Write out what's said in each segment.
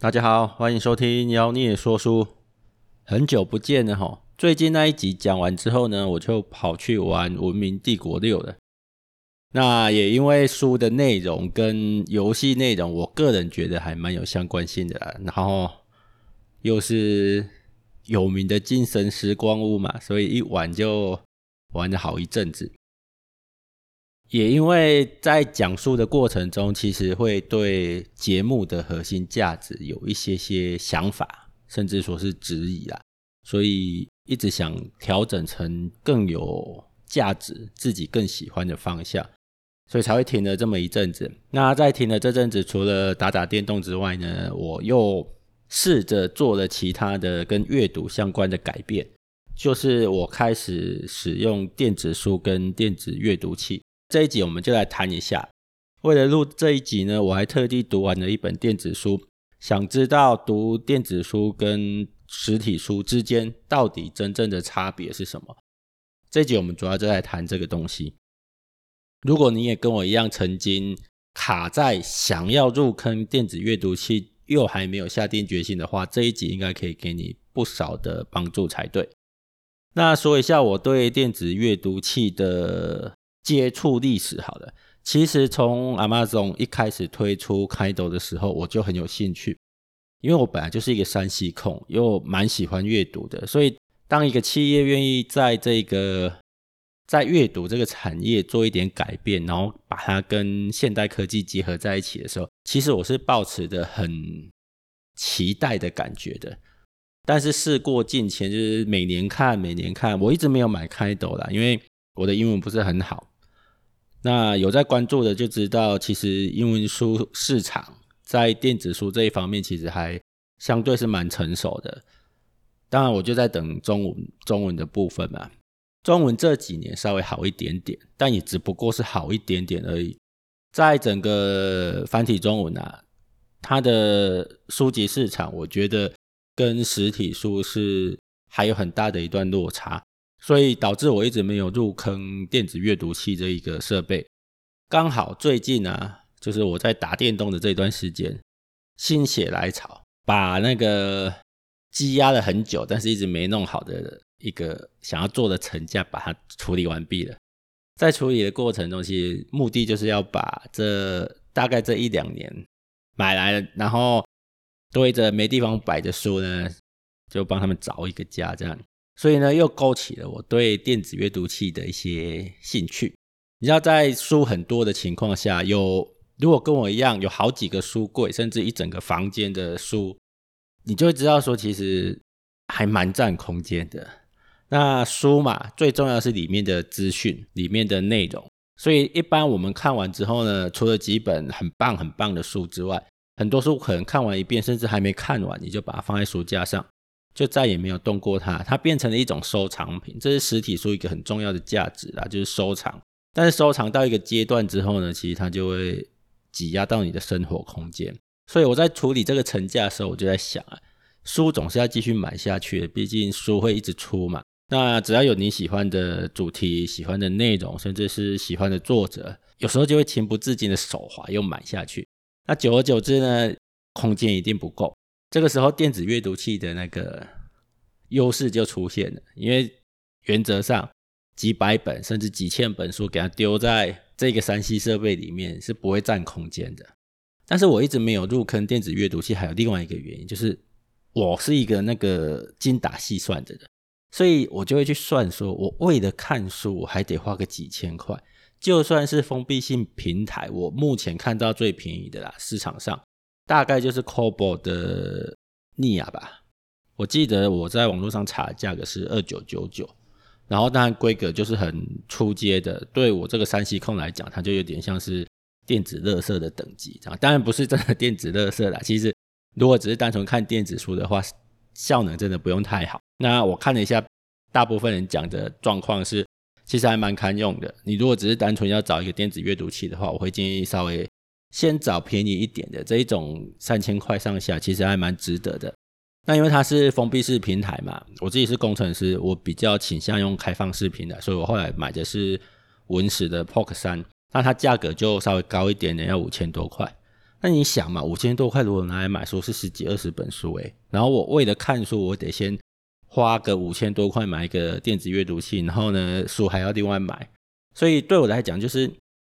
大家好，歡迎收聽《妖孽說書》。很久不見了吼，最近那一集講完之後呢，我就跑去玩《文明帝國六》了。那也因為書的內容跟遊戲內容，我個人覺得還蠻有相關性的啦，然後又是有名的精神時光屋嘛，所以一玩就玩了好一陣子。也因為在講述的過程中，其實會對節目的核心價值有一些些想法，甚至說是質疑啦、啊，所以一直想調整成更有價值、自己更喜歡的方向，所以才會停了這麼一陣子。那在停了這陣子，除了打打電動之外呢，我又試着做了其他的跟閱讀相關的改變，就是我開始使用電子書跟電子閱讀器。這一集我們就來談一下。為了錄這一集呢，我還特地讀完了一本電子書，想知道讀電子書跟實體書之間到底真正的差別是什麼。這一集我們主要就來談這個東西。如果你也跟我一樣曾經卡在想要入坑電子閱讀器，又還沒有下定決心的話，這一集應該可以給你不少的幫助才對。那說一下我對電子閱讀器的。接觸歷史，好了，其實從 Amazon 一開始推出 Kindle 的時候，我就很有興趣，因為我本來就是一個 3C 控，又蠻喜歡閱讀的，所以當一個企業願意在這個在閱讀這個產業做一點改變，然後把它跟現代科技結合在一起的時候，其實我是抱持着很期待的感覺的。但是事過境遷，就是每年看，每年看，我一直沒有買 Kindle 啦，因為我的英文不是很好。那有在關注的就知道，其實英文書市場在電子書這一方面，其實還相對是蠻成熟的。當然，我就在等中文中文的部分嘛。中文這幾年稍微好一點點，但也只不過是好一點點而已。在整個繁體中文啊，它的書籍市場，我覺得跟實體書是還有很大的一段落差。所以導致我一直沒有入坑電子閱讀器這一個設備。剛好最近呢、啊，就是我在打電動的這段時間，心血來潮，把那個積壓了很久但是一直沒弄好的一個想要做的層架，把它處理完畢了。在處理的過程中，其實目的就是要把這大概這一兩年買來的，然後堆着沒地方擺的書呢，就幫他們找一個家，這樣。所以呢，又勾起了我對電子閱讀器的一些興趣。你知道，在書很多的情況下，有如果跟我一樣有好幾個書櫃，甚至一整個房間的書，你就會知道說其實還蠻佔空間的。那書嘛，最重要的是裡面的資訊，裡面的內容。所以一般我們看完之後呢，除了幾本很棒很棒的書之外，很多書可能看完一遍，甚至還沒看完，你就把它放在書架上。就再也沒有動過它，它變成了一種收藏品。這是實體書一個很重要的價值啦，就是收藏。但是收藏到一個階段之後呢，其實它就會擠壓到你的生活空間。所以我在處理這個層架的時候，我就在想啊，書總是要繼續買下去的，畢竟書會一直出嘛。那只要有你喜歡的主題、喜歡的內容，甚至是喜歡的作者，有時候就會情不自禁的手滑又買下去。那久而久之呢，空間一定不夠。這個時候，電子閱讀器的那個優勢就出現了，因為原則上幾百本甚至幾千本書給它丟在這個三 C 設備裡面是不會佔空間的。但是我一直沒有入坑電子閱讀器，還有另外一個原因，就是我是一個那個精打細算的人，所以我就會去算，說我為了看書我還得花個幾千塊。就算是封閉性平台，我目前看到最便宜的啦，市場上。大概就是 Kobo 的 Nia 吧，我記得我在網絡上查的價格是二九九九，然後當然規格就是很初階的，對我這個 3C 控來講，它就有點像是電子垃圾的等級，當然不是真的電子垃圾啦，其實如果只是單純看電子書的話，效能真的不用太好。那我看了一下，大部分人講的狀況是，其實還蠻堪用的。你如果只是單純要找一個電子閱讀器的話，我會建議稍微。先找便宜一點的這一種三千塊上下，其實還蠻值得的。那因為它是封閉式平台嘛，我自己是工程師，我比較傾向用開放式平台，所以我後來買的是文石的 Poke 三。那它價格就稍微高一點點，要五千多塊。那你想嘛，五千多塊如果拿來買書是十幾二十本書誒、欸。然後我為了看書，我得先花個五千多塊買一個電子閱讀器，然後呢書還要另外買。所以對我來講就是。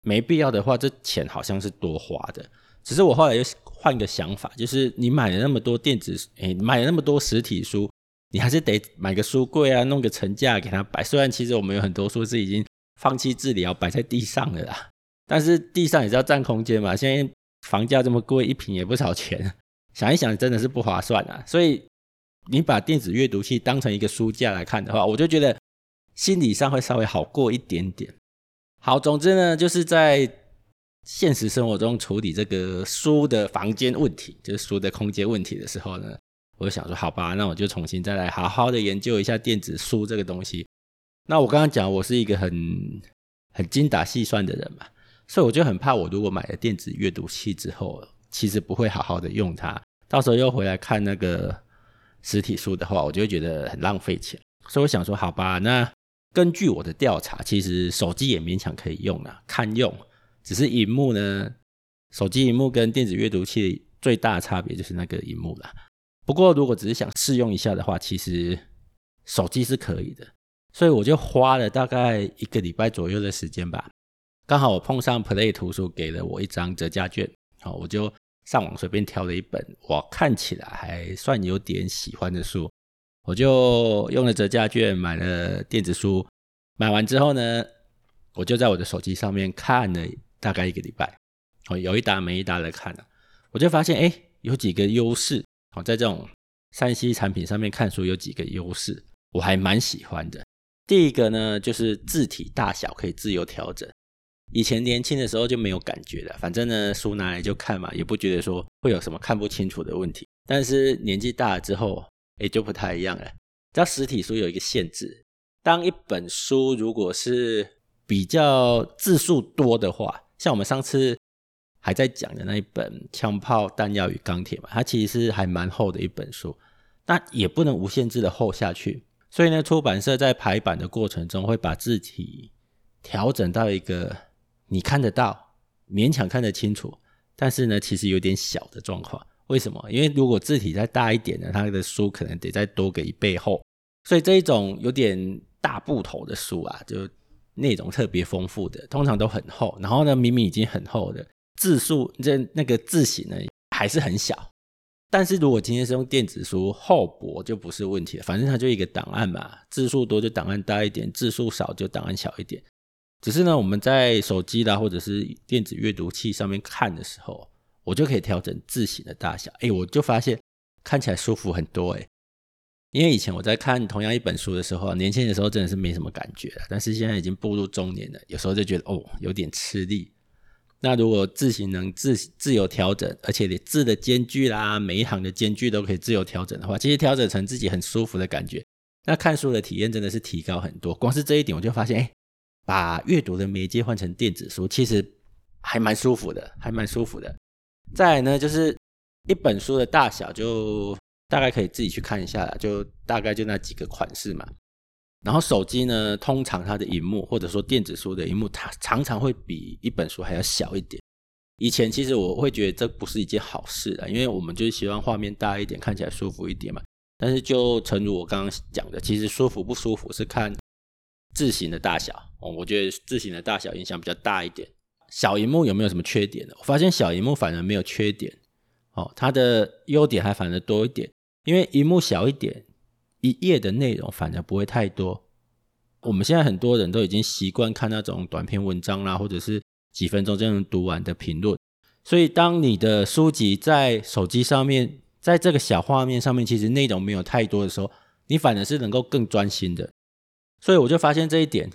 沒必要的話，這錢好像是多花的。只是我後來又換個想法，就是你買了那麼多電子，誒，買了那麼多實體書，你還是得買個書櫃啊，弄個層架給它擺。雖然其實我們有很多書是已經放棄治療，擺在地上了啦，但是地上也是要占空間嘛。現在房價這麼貴，一坪也不少錢，想一想真的是不划算啊。所以你把電子閱讀器當成一個書架來看的話，我就覺得心理上會稍微好過一點點。好，總之呢，就是在現實生活中處理這個書的房間問題，就是書的空間問題的時候呢，我就想說，好吧，那我就重新再來好好的研究一下電子書這個東西。那我剛剛講，我是一個很很精打細算的人嘛，所以我就很怕，我如果買了電子閱讀器之後，其實不會好好的用它，到時候又回來看那個實體書的話，我就會覺得很浪費錢。所以我想說，好吧，那。根據我的調查，其實手機也勉強可以用了，看用。只是熒幕呢，手機熒幕跟電子閱讀器最大的差別就是那個熒幕了。不過，如果只是想試用一下的話，其實手機是可以的。所以我就花了大概一個禮拜左右的時間吧。剛好我碰上 Play 圖書給了我一張折價券，好，我就上網隨便挑了一本我看起來還算有點喜歡的書。我就用了折價券買了電子書，買完之後呢，我就在我的手機上面看了大概一個禮拜。好，有一搭沒一搭的看了，我就發現哎、欸，有幾個優勢。好，在這種 3C 產品上面看書有幾個優勢，我還蠻喜歡的。第一個呢，就是字體大小可以自由調整，以前年輕的時候就沒有感覺的，反正呢書拿來就看嘛，也不覺得說會有什麼看不清楚的問題，但是年紀大了之後。也就不太一樣了。這實體書有一個限制，當一本書如果是比較字數多的話，像我們上次還在講的那一本《槍炮、彈藥與鋼鐵》嘛，它其實是還蠻厚的一本書，那也不能無限制的厚下去。所以呢，出版社在排版的過程中會把字體調整到一個你看得到、勉強看得清楚，但是呢，其實有點小的狀況。為什麼？因為如果字體再大一點呢，它的書可能得再多給一倍厚。所以這一種有點大部頭的書啊，就內容特別豐富的，通常都很厚。然後呢，明明已經很厚的字數，這那個字型呢，還是很小。但是如果今天是用電子書，厚薄就不是問題了，反正它就一個檔案嘛，字數多就檔案大一點，字數少就檔案小一點。只是呢，我們在手機啦或者是電子閱讀器上面看的時候。我就可以調整字型的大小，哎、欸，我就發現看起來舒服很多，欸，哎，因為以前我在看同樣一本書的時候，年輕的時候真的是沒什麼感覺，但是現在已經步入中年了，有時候就覺得，哦，有點吃力。那如果字型能自自由調整，而且連字的間距啦，每一行的間距都可以自由調整的話，其實調整成自己很舒服的感覺，那看書的體驗真的是提高很多。光是這一點，我就發現，哎、欸，把閱讀的媒介換成電子書，其實還蠻舒服的，還蠻舒服的。再來呢，就是一本書的大小，就大概可以自己去看一下了，就大概就那幾個款式嘛。然後手機呢，通常它的熒幕或者說電子書的熒幕，它常常會比一本書還要小一點。以前其實我會覺得這不是一件好事啦，因為我們就是希望畫面大一點，看起來舒服一點嘛。但是就誠如我剛剛講的，其實舒服不舒服是看字型的大小，哦，我覺得字型的大小影響比較大一點。小熒幕有沒有什麼缺點呢？我發現小熒幕反而沒有缺點，哦，它的優點還反而多一點，因為熒幕小一點，一頁的內容反而不會太多。我們現在很多人都已經習慣看那種短篇文章啦，或者是幾分鐘就能讀完的評論，所以當你的書籍在手機上面，在這個小畫面上面，其實內容沒有太多的時候，你反而是能夠更專心的。所以我就發現這一點。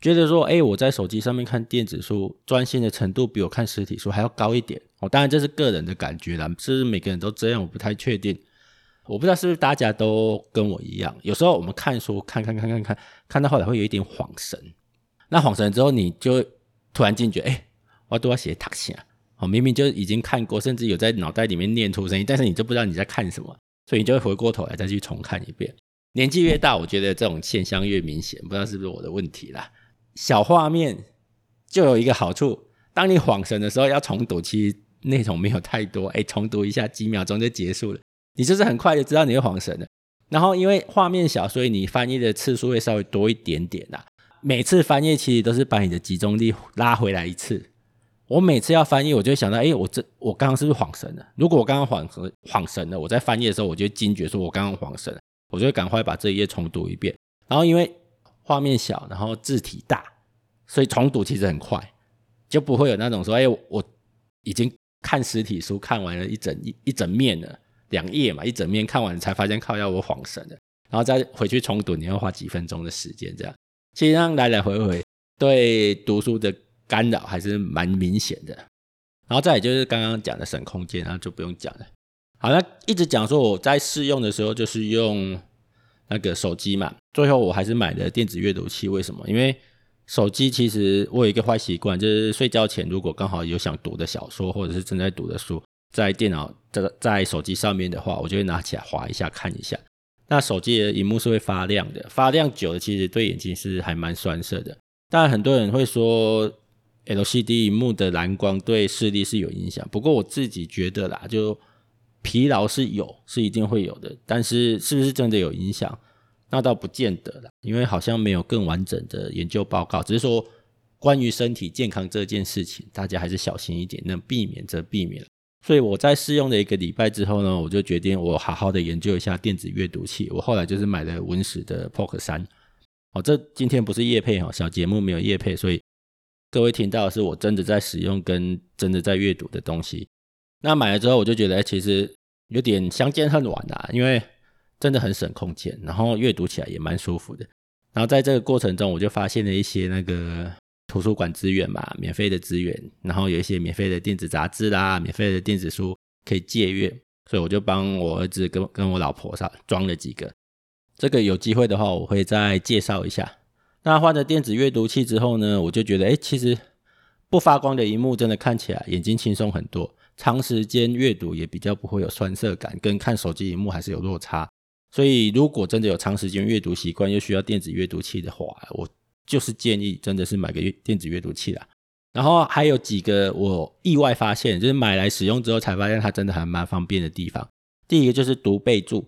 覺得說，哎、欸，我在手機上面看電子書，專心的程度比我看實體書還要高一點。哦，當然這是個人的感覺啦，是不是每個人都這樣？我不太確定，我不知道是不是大家都跟我一樣。有時候我們看書，看看看看，看看，看到後來會有一點恍神。那恍神之後，你就突然驚覺，哎、欸，我都要寫躺下。哦，明明就已經看過，甚至有在腦袋裡面念出聲音，但是你就不知道你在看什麼，所以你就會回過頭來再去重看一遍。年紀越大，我覺得這種現象越明顯，不知道是不是我的問題啦。小畫面就有一個好處，當你恍神的時候要重讀，其實內容沒有太多，誒，重讀一下，幾秒鐘就結束了。你就是很快就知道你會恍神了。然後因為畫面小，所以你翻頁的次數會稍微多一點點啦、啊。每次翻頁其實都是把你的集中力拉回來一次。我每次要翻頁，我就想到，誒，我這我剛剛是不是恍神了？如果我剛剛恍神恍神了，我在翻頁的時候，我就會驚覺說，我剛剛恍神了，我就會趕快把這一頁重讀一遍。然後因為畫面小，然後字體大，所以重讀其實很快，就不會有那種說，哎、欸，我已經看實體書看完了一整一,一整面了，兩頁嘛，一整面看完才發現靠要我晃神了，然後再回去重讀，你要花幾分鐘的時間這樣，其實這樣來來回回對讀書的干擾還是蠻明顯的，然後再也就是剛剛講的省空間，然後就不用講了。好，那一直講說我在試用的時候就是用。那個手機嘛，最後我還是買了電子閱讀器。為什麼？因為手機其實我有一個壞習慣，就是睡覺前如果剛好有想讀的小說或者是正在讀的書，在電腦在在手機上面的話，我就會拿起來滑一下看一下。那手機的螢幕是會發亮的，發亮久了其實對眼睛是還蠻酸澀的。當然很多人會說 LCD 螢幕的藍光對視力是有影響，不過我自己覺得啦，就。疲勞是有，是一定會有的，但是是不是真的有影響，那倒不見得了，因為好像沒有更完整的研究報告。只是說，關於身體健康這件事情，大家還是小心一點，能避免則避免。所以我在試用了一個禮拜之後呢，我就決定我好好的研究一下電子閱讀器。我後來就是買了文石的 Poke 3。哦，這今天不是業配哈，小節目沒有業配，所以各位聽到的是我真的在使用跟真的在閱讀的東西。那買了之後，我就覺得，其實有點相見恨晚啦、啊，因為真的很省空間，然後閱讀起來也蠻舒服的。然後在這個過程中，我就發現了一些那個圖書館資源嘛，免費的資源，然後有一些免費的電子雜誌啦，免費的電子書可以借閱，所以我就幫我兒子跟跟我老婆上裝了幾個。這個有機會的話，我會再介紹一下。那換了電子閱讀器之後呢，我就覺得，哎、欸，其實不發光的熒幕真的看起來眼睛輕鬆很多。長時間閱讀也比較不會有酸澀感，跟看手機螢幕還是有落差。所以如果真的有長時間閱讀習慣，又需要電子閱讀器的話，我就是建議真的是買個電子閱讀器啦。然後還有幾個我意外發現，就是買來使用之後才發現它真的還蠻方便的地方。第一個就是讀備註，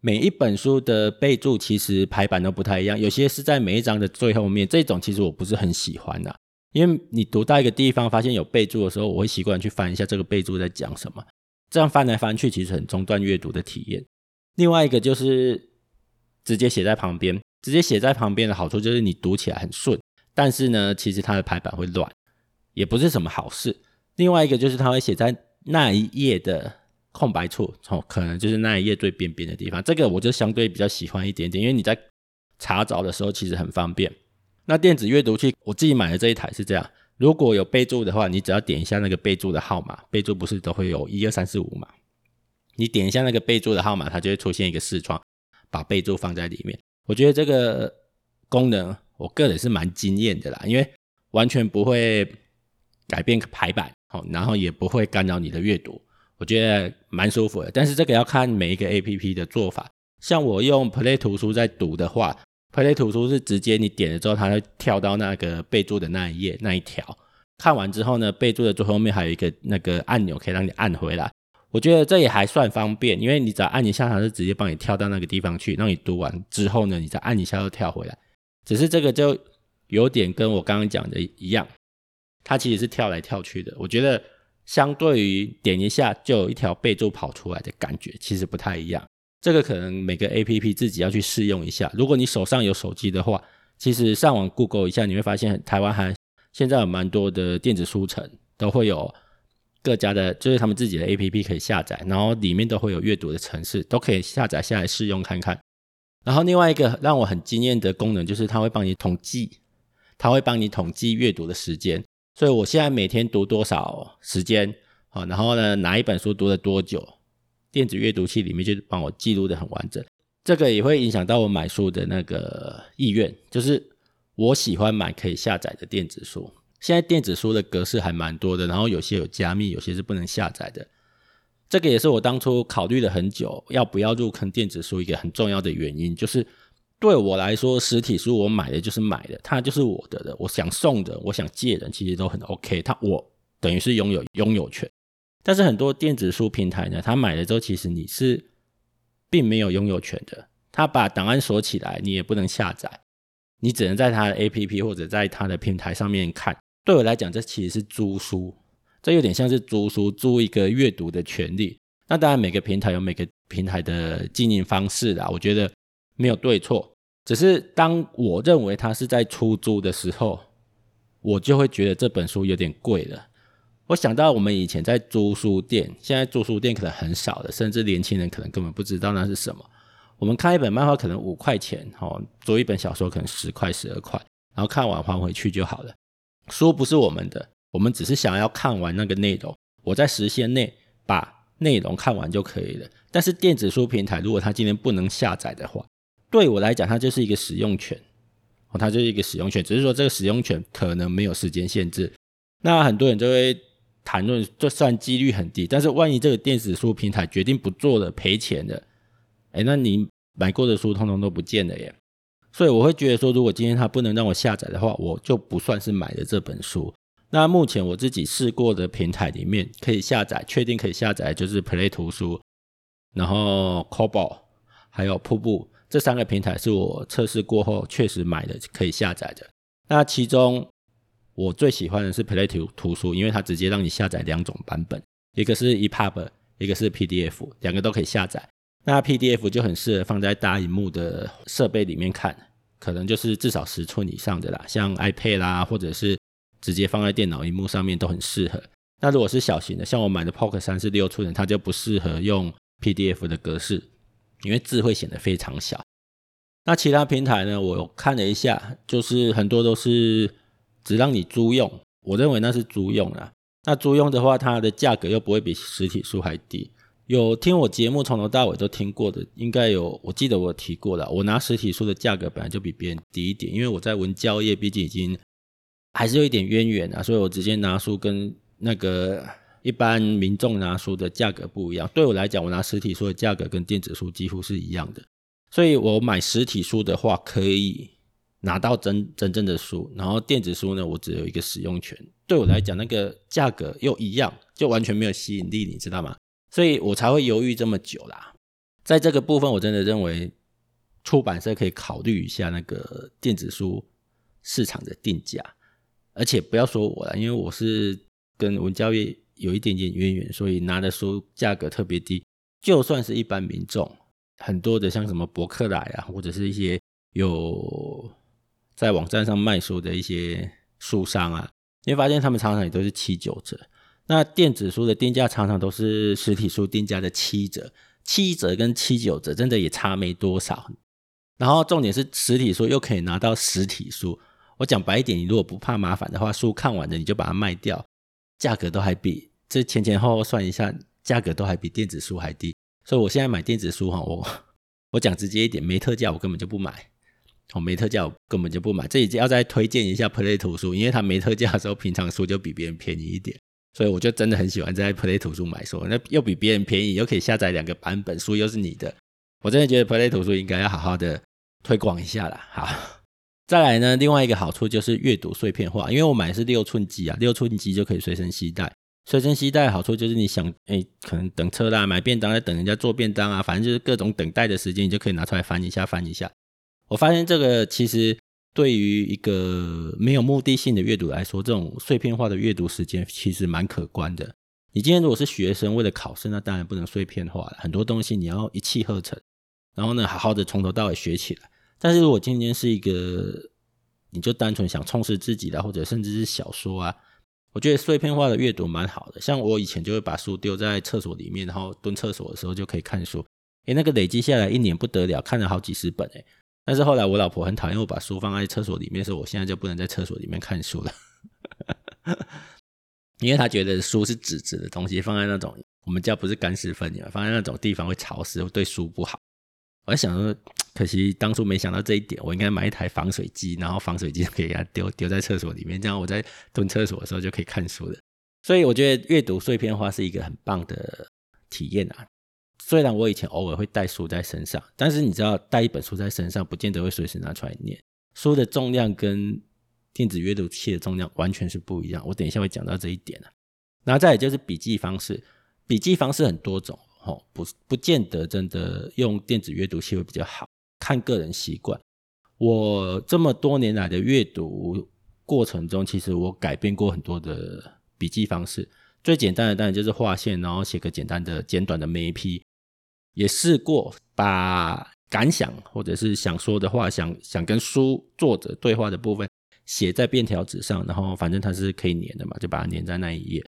每一本書的備註其實排版都不太一樣，有些是在每一章的最後面，這種其實我不是很喜歡啦、啊因為你讀到一個地方發現有備註的時候，我會習慣去翻一下這個備註在講什麼。這樣翻來翻去，其實很中斷閱讀的體驗。另外一個就是直接寫在旁邊，直接寫在旁邊的好處就是你讀起來很順，但是呢，其實它的排版會亂，也不是什麼好事。另外一個就是它會寫在那一頁的空白處，哦，可能就是那一頁最邊邊的地方。這個我就相對比較喜歡一點點，因為你在查找的時候其實很方便。那電子閱讀器，我自己買的這一台是這樣：如果有備註的話，你只要點一下那個備註的號碼，備註不是都會有一二三四五嘛？你點一下那個備註的號碼，它就會出現一個視窗，把備註放在裡面。我覺得這個功能，我個人是蠻驚艷的啦，因為完全不會改變排版，好，然後也不會干擾你的閱讀，我覺得蠻舒服的。但是這個要看每一個 APP 的做法，像我用 Play 圖書在讀的話。Play 圖書是直接你點了之後，它會跳到那個備註的那一頁，那一條。看完之後呢，備註的最後面還有一個那個按鈕，可以讓你按回來。我覺得這也還算方便，因為你只要按一下，它是直接幫你跳到那個地方去，讓你讀完之後呢，你再按一下又跳回來。只是這個就有點跟我剛剛講的一樣，它其實是跳來跳去的。我覺得相對於點一下就有一條備註跑出來的感覺，其實不太一樣。這個可能每個 APP 自己要去試用一下。如果你手上有手機的話，其實上網 Google 一下，你會發現台灣還現在有蠻多的電子書城都會有各家的，就是他們自己的 APP 可以下載，然後裡面都會有閱讀的程式，都可以下載下來試用看看。然後另外一個讓我很驚艷的功能，就是它會幫你統計，它會幫你統計閱讀的時間。所以我現在每天讀多少時間啊？然後呢，哪一本書讀了多久？電子閱讀器裡面就幫我記錄的很完整，這個也會影響到我買書的那個意願，就是我喜歡買可以下載的電子書。現在電子書的格式還蠻多的，然後有些有加密，有些是不能下載的。這個也是我當初考慮了很久，要不要入坑電子書一個很重要的原因，就是對我來說，實體書我買的就是買的，它就是我的的，我想送的，我想借的，其實都很 OK。它我等於是擁有擁有權。但是很多電子書平台呢，他買了之後，其實你是並沒有擁有權的。他把檔案鎖起來，你也不能下載，你只能在它的 APP 或者在它的平台上面看。對我來講，這其實是租書，這有點像是租書，租一個閱讀的權利。那當然，每個平台有每個平台的經營方式啦，我覺得沒有對錯，只是當我認為它是在出租的時候，我就會覺得這本書有點貴了。我想到我們以前在租書店，現在租書店可能很少了，甚至年輕人可能根本不知道那是什麼。我們看一本漫畫可能五塊錢，哦，租一本小說可能十塊十二塊，然後看完還回去就好了。書不是我們的，我們只是想要看完那個內容，我在時限內把內容看完就可以了。但是電子書平台如果它今天不能下載的話，對我來講它就是一個使用權，哦，它就是一個使用權，只是說這個使用權可能沒有時間限制。那很多人就會。談論就算幾率很低，但是萬一這個電子書平台決定不做了賠錢的，欸，那你買過的書通通都不見了耶。所以我會覺得說，如果今天它不能讓我下載的話，我就不算是買的這本書。那目前我自己試過的平台裡面可以下載，確定可以下載的就是 Play 圖書，然後 Kobo 還有瀑布這三個平台是我測試過後確實買的可以下載的。那其中。我最喜歡的是 Play o 圖書，因為它直接讓你下載兩種版本，一個是 EPUB，一個是 PDF，兩個都可以下載。那 PDF 就很適合放在大螢幕的設備裡面看，可能就是至少十寸以上的啦，像 iPad 啦，或者是直接放在電腦螢幕上面都很適合。那如果是小型的，像我買的 Pocket 三是六寸的，它就不適合用 PDF 的格式，因為字會顯得非常小。那其他平台呢？我看了一下，就是很多都是。只讓你租用，我認為那是租用啦，那租用的話，它的價格又不會比實體書還低。有聽我節目從頭到尾都聽過的，應該有。我記得我有提過啦，我拿實體書的價格本來就比別人低一點，因為我在文教業，畢竟已經還是有一點淵源啊，所以我直接拿書跟那個一般民眾拿書的價格不一樣。對我來講，我拿實體書的價格跟電子書幾乎是一樣的，所以我買實體書的話可以。拿到真真正的書，然後電子書呢，我只有一個使用權。對我來講，那個價格又一樣，就完全沒有吸引力，你知道嗎？所以我才會猶豫這麼久啦。在這個部分，我真的認為出版社可以考慮一下那個電子書市場的定價，而且不要說我了，因為我是跟文教業有一點點淵源，所以拿的書價格特別低。就算是一般民眾，很多的像什麼博客來啊，或者是一些有。在網站上賣書的一些書商啊，你會發現他們常常也都是七九折。那電子書的定價常常都是實體書定價的七折，七折跟七九折真的也差沒多少。然後重點是實體書又可以拿到實體書。我講白一點，你如果不怕麻煩的話，書看完了你就把它賣掉，價格都還比，這前前後後算一下，價格都還比電子書還低。所以我現在買電子書哈，我我講直接一點，沒特價我根本就不買。我、哦、沒特價，我根本就不買。這一次要再推薦一下 Play 圖書，因為它沒特價的時候，平常書就比別人便宜一點，所以我就真的很喜歡在 Play 圖書買書。那又比別人便宜，又可以下載兩個版本，書又是你的，我真的覺得 Play 圖書應該要好好的推廣一下了。好，再來呢，另外一個好處就是閱讀碎片化，因為我買的是六寸機啊，六寸機就可以隨身攜帶。隨身攜帶的好處就是你想，哎、欸，可能等車啦，買便當要等人家做便當啊，反正就是各種等待的時間，你就可以拿出來翻一,一下，翻一下。我發現這個其實對於一個沒有目的性的閱讀來說，這種碎片化的閱讀時間其實蠻可觀的。你今天如果是學生為了考試，那當然不能碎片化了，很多東西你要一氣呵成，然後呢好好的從頭到尾學起來。但是如果今天是一個你就單純想充實自己的，或者甚至是小說啊，我覺得碎片化的閱讀蠻好的。像我以前就會把書丟在廁所裡面，然後蹲廁所的時候就可以看書。誒，那個累積下來一年不得了，看了好幾十本誒。但是後來我老婆很討厭我把書放在廁所裡面，所以我現在就不能在廁所裡面看書了， 因為她覺得書是紙質的東西，放在那種我們家不是乾濕分離，放在那種地方會潮濕，對書不好。我想說，可惜當初沒想到這一點，我應該買一台防水機，然後防水機給它可以丟丟在廁所裡面，這樣我在蹲廁所的時候就可以看書了。所以我覺得閱讀碎片化是一個很棒的體驗啊。雖然我以前偶爾會帶書在身上，但是你知道，帶一本書在身上不見得會隨時拿出來念。書的重量跟電子閱讀器的重量完全是不一樣。我等一下會講到這一點了。然後再來，就是筆記方式，筆記方式很多種，吼，不不見得真的用電子閱讀器會比較好，看個人習慣。我這麼多年來的閱讀過程中，其實我改變過很多的筆記方式。最簡單的當然就是劃線，然後寫個簡單的簡短的 MAP。也試過把感想或者是想說的話想，想想跟書作者對話的部分寫在便條紙上，然後反正它是可以粘的嘛，就把它粘在那一頁。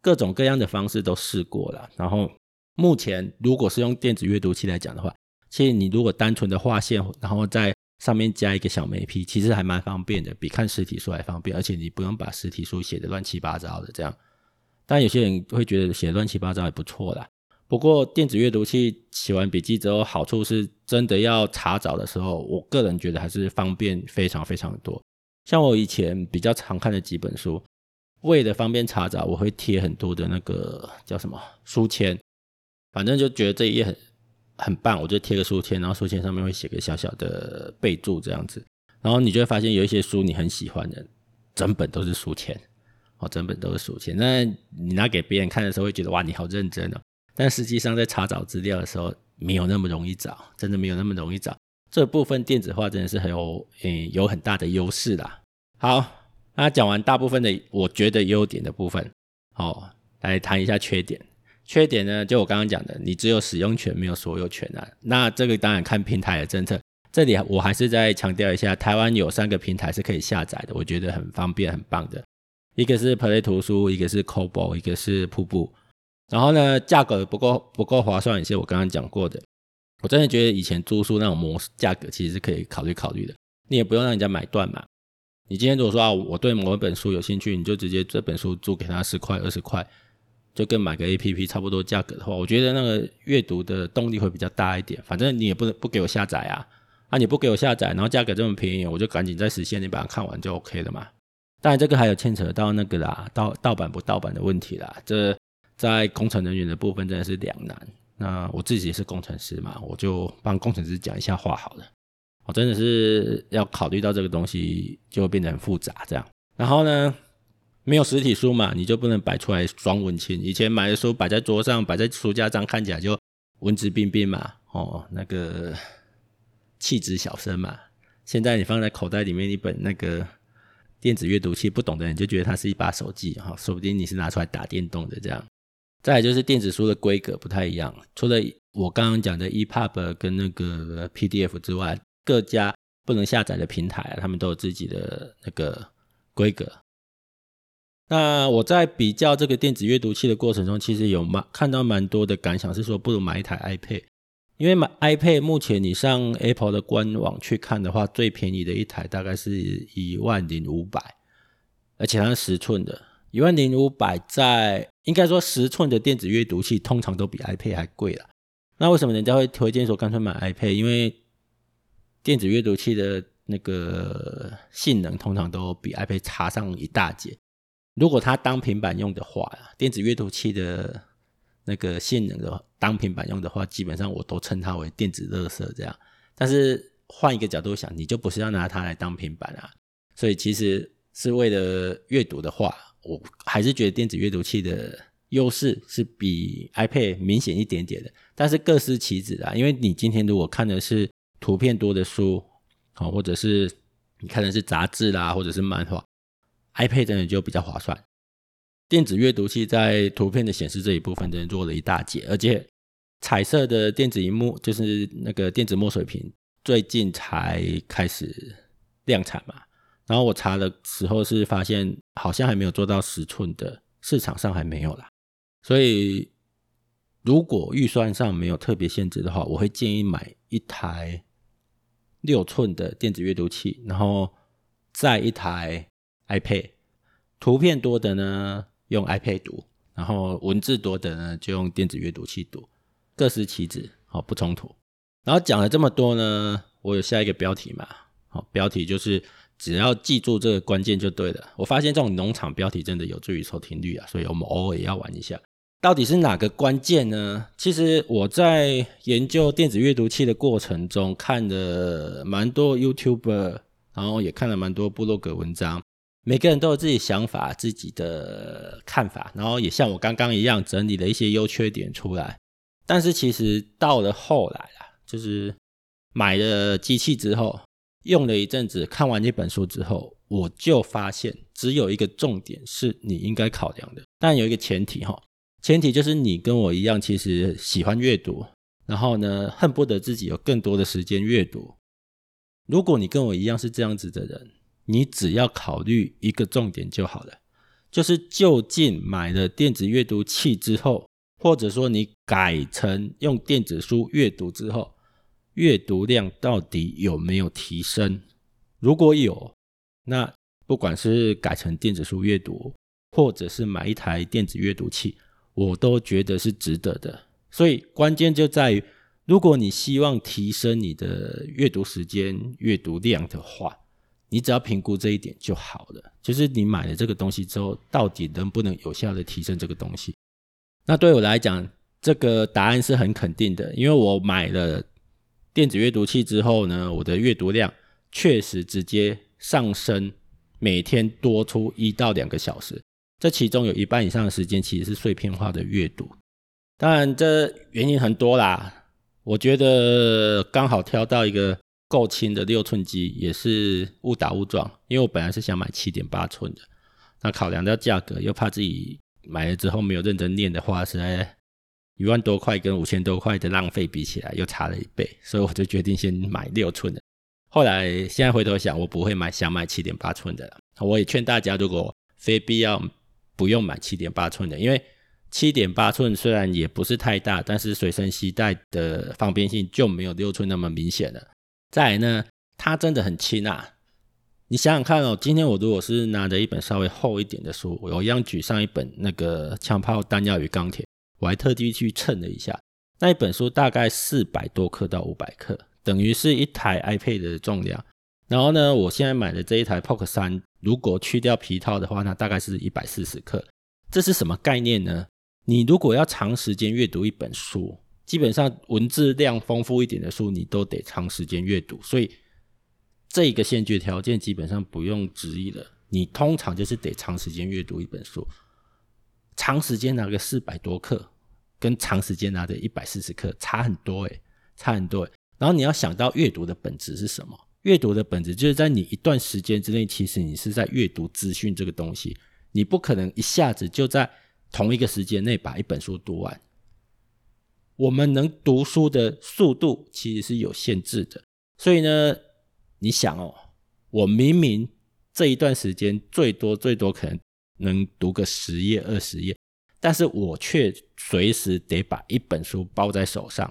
各種各樣的方式都試過了。然後目前如果是用電子閱讀器來講的話，其實你如果單純的畫線，然後在上面加一個小眉批，其實還蠻方便的，比看實體書還方便。而且你不用把實體書寫得亂七八糟的這樣。但有些人會覺得寫得亂七八糟也不錯啦。不過電子閱讀器寫完筆記之後，好處是真的要查找的時候，我個人覺得還是方便非常非常多。像我以前比較常看的幾本書，為了方便查找，我會貼很多的那個叫什麼書籤，反正就覺得這一頁很很棒，我就貼個書籤，然後書籤上面會寫個小小的備註這樣子。然後你就會發現有一些書你很喜歡的，整本都是書籤，哦，整本都是書籤。那你拿給別人看的時候，會覺得哇，你好認真哦。但實際上，在查找資料的時候，沒有那麼容易找，真的沒有那麼容易找。這部分電子化真的是很有，誒、嗯，有很大的優勢啦。好，那講完大部分的我覺得優點的部分，哦，來談一下缺點。缺點呢，就我剛剛講的，你只有使用權，沒有所有權啊。那這個當然看平台的政策。這裡我還是再強調一下，台灣有三個平台是可以下載的，我覺得很方便，很棒的。一個是 Play 圖書，一個是 Kobo，一個是瀑布。然後呢，價格不夠不夠划算一些，我剛剛講過的。我真的覺得以前租書那種模式價格其實是可以考慮考慮的。你也不用讓人家買斷嘛。你今天如果說啊，我對某一本書有興趣，你就直接這本書租給他十塊二十塊，就跟買個 APP 差不多價格的話，我覺得那個閱讀的動力會比較大一點。反正你也不能不給我下載啊，啊你不給我下載，然後價格這麼便宜，我就趕緊再實現你把它看完就 OK 了嘛。當然這個還有牽扯到那個啦，盜盜版不盜版的問題啦，這。在工程人員的部分真的是兩難。那我自己也是工程師嘛，我就幫工程師講一下話好了。我、哦、真的是要考慮到這個東西，就會變得很複雜這樣。然後呢，沒有實體書嘛，你就不能擺出來裝文青。以前買的書擺在桌上，擺在書架上，看起來就文質彬彬嘛，哦，那個氣質小生嘛。現在你放在口袋裡面，一本那個電子閱讀器，不懂的人就覺得它是一把手機哈、哦，說不定你是拿出來打電動的這樣。再來就是電子書的規格不太一樣，除了我剛剛講的 EPUB 跟那個 PDF 之外，各家不能下載的平台，他們都有自己的那個規格。那我在比較這個電子閱讀器的過程中，其實有蠻看到蠻多的感想，是說不如買一台 iPad，因為買 iPad 目前你上 Apple 的官網去看的話，最便宜的一台大概是一萬零五百，而且它是十寸的。一萬零五百在應該說十寸，的電子閱讀器通常都比 iPad 還貴啦。那為什麼人家會推薦說乾脆買 iPad？因為電子閱讀器的那個性能通常都比 iPad 差上一大截。如果它當平板用的話，電子閱讀器的那個性能的話，當平板用的話，基本上我都稱它為電子垃圾這樣。但是換一個角度想，你就不是要拿它來當平板啊，所以其實是為了閱讀的話。我還是覺得電子閱讀器的優勢是比 iPad 明顯一點點的，但是各司其職的啊。因為你今天如果看的是圖片多的書，啊，或者是你看的是雜誌啦，或者是漫畫，iPad 真的就比較划算。電子閱讀器在圖片的顯示這一部分真的做了一大截，而且彩色的電子熒幕，就是那個電子墨水屏，最近才開始量產嘛。然後我查的時候是發現，好像還沒有做到十寸的，市場上還沒有啦。所以如果預算上沒有特別限制的話，我會建議買一台六寸的電子閱讀器，然後再一台 iPad。圖片多的呢，用 iPad 讀；然後文字多的呢，就用電子閱讀器讀，各司其職，好不衝突。然後講了這麼多呢，我有下一個標題嘛？好，標題就是。只要記住這個關鍵就對了。我發現這種農場標題真的有助於收聽率啊，所以我們偶爾也要玩一下。到底是哪個關鍵呢？其實我在研究電子閱讀器的過程中，看了蠻多 YouTuber，然後也看了蠻多部落格文章。每個人都有自己想法、自己的看法，然後也像我剛剛一樣整理了一些優缺點出來。但是其實到了後來啦，就是買了機器之後。用了一陣子，看完一本書之後，我就發現只有一個重點是你應該考量的。但有一個前提哈，前提就是你跟我一樣，其實喜歡閱讀，然後呢，恨不得自己有更多的時間閱讀。如果你跟我一樣是這樣子的人，你只要考慮一個重點就好了，就是就近買了電子閱讀器之後，或者說你改成用電子書閱讀之後。閱讀量到底有沒有提升？如果有，那不管是改成電子書閱讀，或者是買一台電子閱讀器，我都覺得是值得的。所以關鍵就在於，如果你希望提升你的閱讀時間、閱讀量的話，你只要評估這一點就好了。就是你買了這個東西之後，到底能不能有效的提升這個東西？那對我來講，這個答案是很肯定的，因為我買了。電子閱讀器之後呢，我的閱讀量確實直接上升，每天多出一到兩個小時。這其中有一半以上的時間其實是碎片化的閱讀。當然，這原因很多啦。我覺得剛好挑到一個夠輕的六寸機，也是誤打誤撞。因為我本來是想買七點八寸的，那考量到價格，又怕自己買了之後沒有認真念的話，實在。一萬多塊跟五千多塊的浪費比起來，又差了一倍，所以我就決定先買六寸的。後來現在回頭想，我不會買，想買七點八寸的了。我也勸大家，如果非必要，不用買七點八寸的，因為七點八寸雖然也不是太大，但是隨身攜帶的方便性就沒有六寸那麼明顯了。再來呢，它真的很輕啊！你想想看哦，今天我如果是拿着一本稍微厚一點的書，我一樣舉上一本那個《槍炮、彈藥與鋼鐵》。我還特地去稱了一下，那一本書大概四百多克到五百克，等於是一台 iPad 的重量。然後呢，我現在買的這一台 Pocket 三，如果去掉皮套的話，那大概是一百四十克。這是什麼概念呢？你如果要長時間閱讀一本書，基本上文字量豐富一點的書，你都得長時間閱讀。所以這個先決條件基本上不用質疑了，你通常就是得長時間閱讀一本書，長時間拿個四百多克。跟長時間拿的一百四十克差很多哎！差很多，差很多。然後你要想到閱讀的本質是什麼？閱讀的本質就是在你一段時間之內，其實你是在閱讀資訊這個東西，你不可能一下子就在同一個時間內把一本書讀完。我們能讀書的速度其實是有限制的，所以呢，你想哦，我明明這一段時間最多最多可能能讀個十頁二十頁。但是我卻隨時得把一本書抱在手上。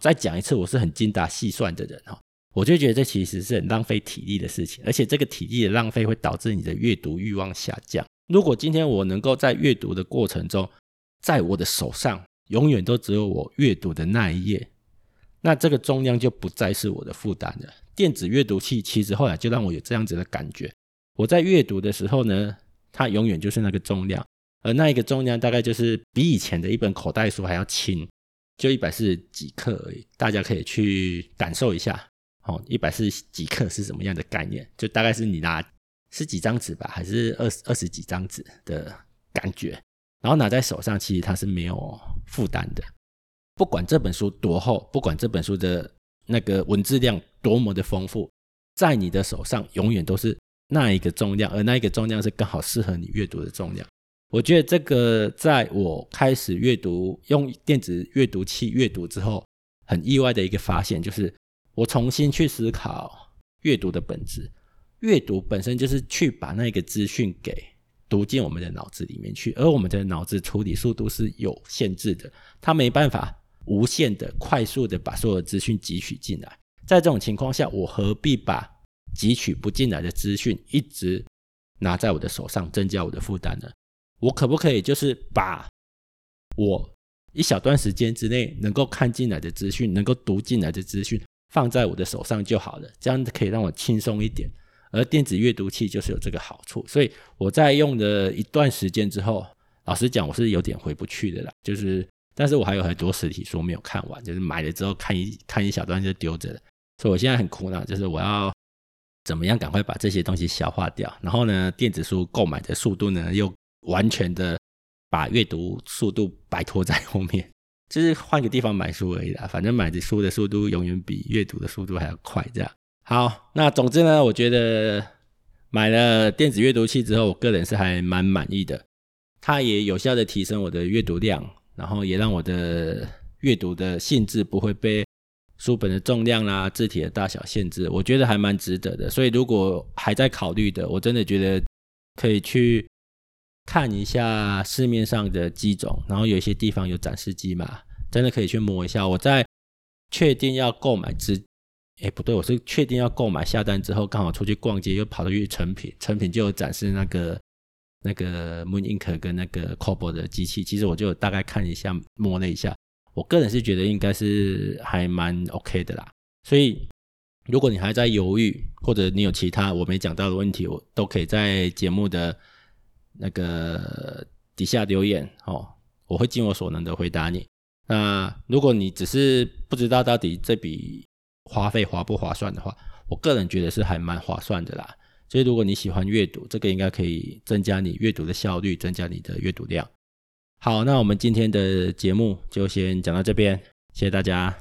再講一次，我是很精打細算的人哈。我就覺得這其實是很浪費體力的事情，而且這個體力的浪費會導致你的閱讀慾望下降。如果今天我能夠在閱讀的過程中，在我的手上永遠都只有我閱讀的那一頁，那這個重量就不再是我的負擔了。電子閱讀器其實後來就讓我有這樣子的感覺。我在閱讀的時候呢，它永遠就是那個重量。而那一個重量大概就是比以前的一本口袋書還要輕，就一百四十幾克而已，大家可以去感受一下。哦，一百四十幾克是什麼樣的概念？就大概是你拿十幾張紙吧，還是二十二十幾張紙的感覺？然後拿在手上，其實它是沒有負擔的。不管這本書多厚，不管這本書的那個文字量多麼的豐富，在你的手上永遠都是那一個重量，而那一個重量是剛好適合你閱讀的重量。我覺得這個在我開始閱讀，用電子閱讀器閱讀之後，很意外的一個發現就是，我重新去思考閱讀的本質。閱讀本身就是去把那個資訊給讀進我們的腦子裡面去，而我們的腦子處理速度是有限制的，它沒辦法無限的快速的把所有的資訊汲取進來。在這種情況下，我何必把汲取不進來的資訊一直拿在我的手上，增加我的負擔呢？我可不可以就是把我一小段時間之內能夠看進來的資訊，能夠讀進來的資訊放在我的手上就好了？這樣可以讓我輕鬆一點。而電子閱讀器就是有這個好處，所以我在用了一段時間之後，老實講我是有點回不去的啦。就是，但是我還有很多實體書沒有看完，就是買了之後看一看一小段就丟着了，所以我現在很苦惱，就是我要怎麼樣趕快把這些東西消化掉。然後呢，電子書購買的速度呢又。完全的把閱讀速度擺脫在後面，就是換個地方買書而已啦。反正買的書的速度永遠比閱讀的速度還要快。這樣好，那總之呢，我覺得買了電子閱讀器之後，我個人是還蠻滿意的。它也有效的提升我的閱讀量，然後也讓我的閱讀的性質不會被書本的重量啦、啊、字體的大小限制。我覺得還蠻值得的。所以如果還在考慮的，我真的覺得可以去。看一下市面上的機種，然後有一些地方有展示機嘛，真的可以去摸一下。我在確定要購買之，哎不對，我是確定要購買下單之後，剛好出去逛街又跑到去誠品，誠品就有展示那個那個 mooInk 跟那個 Kobo 的機器。其實我就大概看一下摸了一下，我個人是覺得應該是還蠻 OK 的啦。所以如果你還在猶豫，或者你有其他我沒講到的問題，我都可以在節目的。那個底下留言哦，我會盡我所能的回答你。那如果你只是不知道到底這筆花費划不划算的話，我個人覺得是還蠻划算的啦。所以如果你喜歡閱讀，這個應該可以增加你閱讀的效率，增加你的閱讀量。好，那我們今天的節目就先講到這邊，謝謝大家。